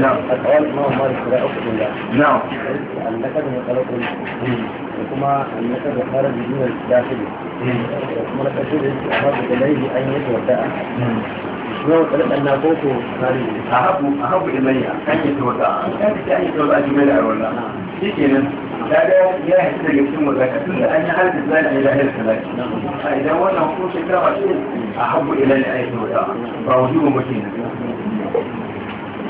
نعم القول ما هو مالك لا أقسم بالله نعم النكد مطلق وكما النكد خارج من الداخل وكما الأجل أحب إليه أن يتودع شنو قلت أن أقوله خارج أحب أحب إليه أن يتودع أنت أن يتودع جميلة ولا شكرا هذا يا هذا يتم ذلك كل أن هذا الزمان إلى هذا الثلاث فإذا وانا أقول شكرا أحب إلى أن يتودع فوجوه مكينة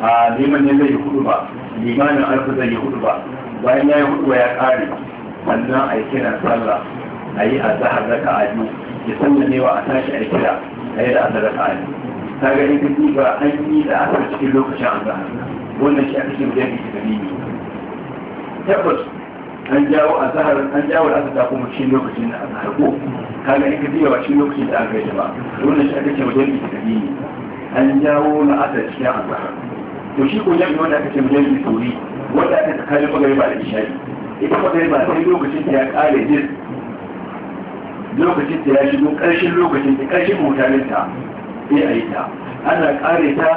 a neman ne zai yi hudu ba limanin alfa zai yi hudu ba bayan ya yi hudu ya kare wannan a yi kiran sallah a yi a zahar raka a biyu ya sanya ne wa a tashi a kira a yi da asar raka a biyu ta ga in kaji ba an yi da asar cikin lokacin a zahar wannan shi a cikin da yake da ne. tabbas an jawo a zahar an jawo da asar ta kuma cikin lokacin da a zahar ko ka ga in kaji ba cikin lokacin da aka yi ba wannan shi a cikin da yake da ne. an jawo na asar cikin a zahar to shi ko jami'i wanda aka ce mu jami'i tori wanda aka tsakanin magariba da ishari ita magariba sai lokacin ta ya kare jin lokacin ta ya shigo karshen lokacin ta karshen mutanen ta sai a yi ta ana kare ta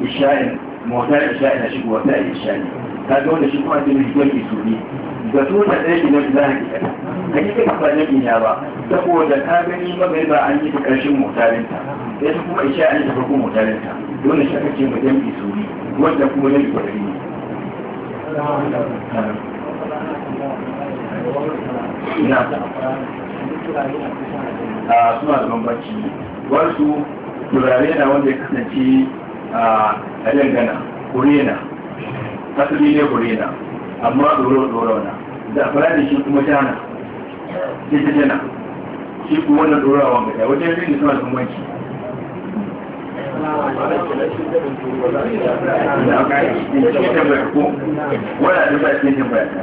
isha'in mota isha ina shigo wata ayi isha ne ta ga wanda shi kuma da mai gwani su ne da su ta tsaye na za a ke kada a yi kai ba jami na ba saboda ta gani ba mai ba an yi ta karshen motarinta ya ta kuma isha an yi ta farko motarinta dole shi aka ce mai jami su ne wanda kuma jami kwarari ne. a suna da bambanci wasu turare na wanda ya kasance a dangana kurena asali ne kurena amma ɗoro ɗoro na da fara da shi kuma tana sai ta tana shi kuma wannan ɗorawa ga ta wajen yin da suna sun wanki wala da ba cikin tambaya ta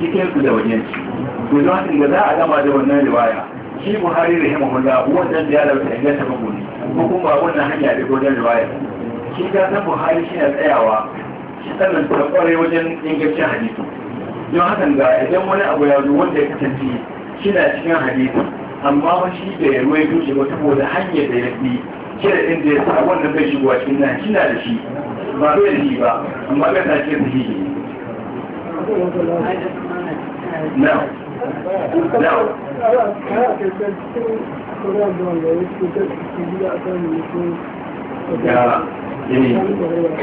cikin su da wajen to don haka za a gama da wannan riwaya shi buhari rahimahullah wannan ziyarar ta inganta ba gune ko kuma wannan hanya da gudun riwaya shi ga san buhari shi na tsayawa shi sannan ta kware wajen ingancin hadisi don haka ga idan wani abu ya zo wanda ya kasance shi na cikin hadisi amma wani shi da ya ruwa ya duce ba saboda hanyar da ya fi kira din da ya sa wannan bai shigowa cikin nan shi na da shi ba zai da shi ba amma ga ta ce ne. نعم نعم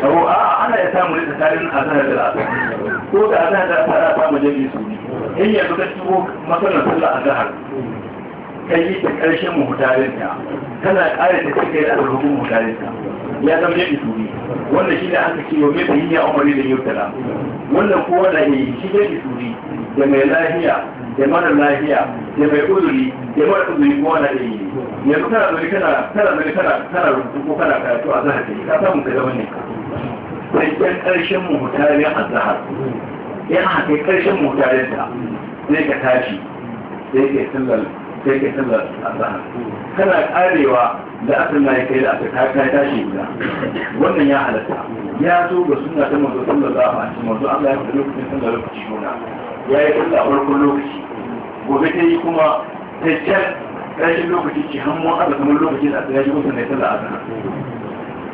Abu a ana ya samu ne tsakanin azahar da azahar ko da azahar da azahar a samu jami su in yanzu ka shigo matsalar sallar azahar kai yi ta ƙarshen muhutarin ta tana kare ta cikin da rubutun mutane ya zama yadda su ne wanda shi da aka ce yau mai yi ya umari da yau tara wannan kowa da ne shi yadda su da mai lahiya da mara lahiya da mai uzuri da mara uzuri kowa da ne yanzu kana zuri kana kana zuri kana kana rubutu ko kana karatu a zahar ka samu ka zama ne sai ɗan ƙarshen mu mutane a zahar yana kai ƙarshen mutanen ta zai ka tashi Sai ka sallar sai ka sallar azhar kana karewa da asar na kai da aka ta tashi guda wannan ya halatta ya so ga suna ta manzo sallallahu alaihi wasallam manzo Allah ya faɗi lokacin sallar lokaci gona ya yi sallah farkon lokaci gobe ta yi kuma ta jar rashin lokaci ce hannun aka kamar lokacin da ya ji kusa ne sallar azhar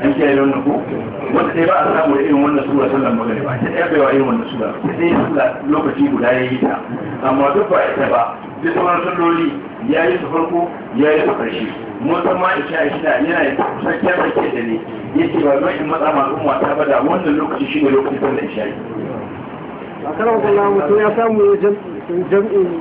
an kiyaye wannan ko wanda sai ba a samu irin wannan sura sallar magana ba ta ɗaya baiwa irin wannan sura sai dai sallah lokaci guda ya yi ta amma duk ba ita ba duk sauran salloli ya yi su farko ya yi su ƙarshe musan ma isha shida yana yi sakkiyar sakkiyar da ne ya ce ba zan in matsa masu mata ba da wannan lokaci shi ne lokacin da isha yi. a karan kuma mutum ya samu jam'in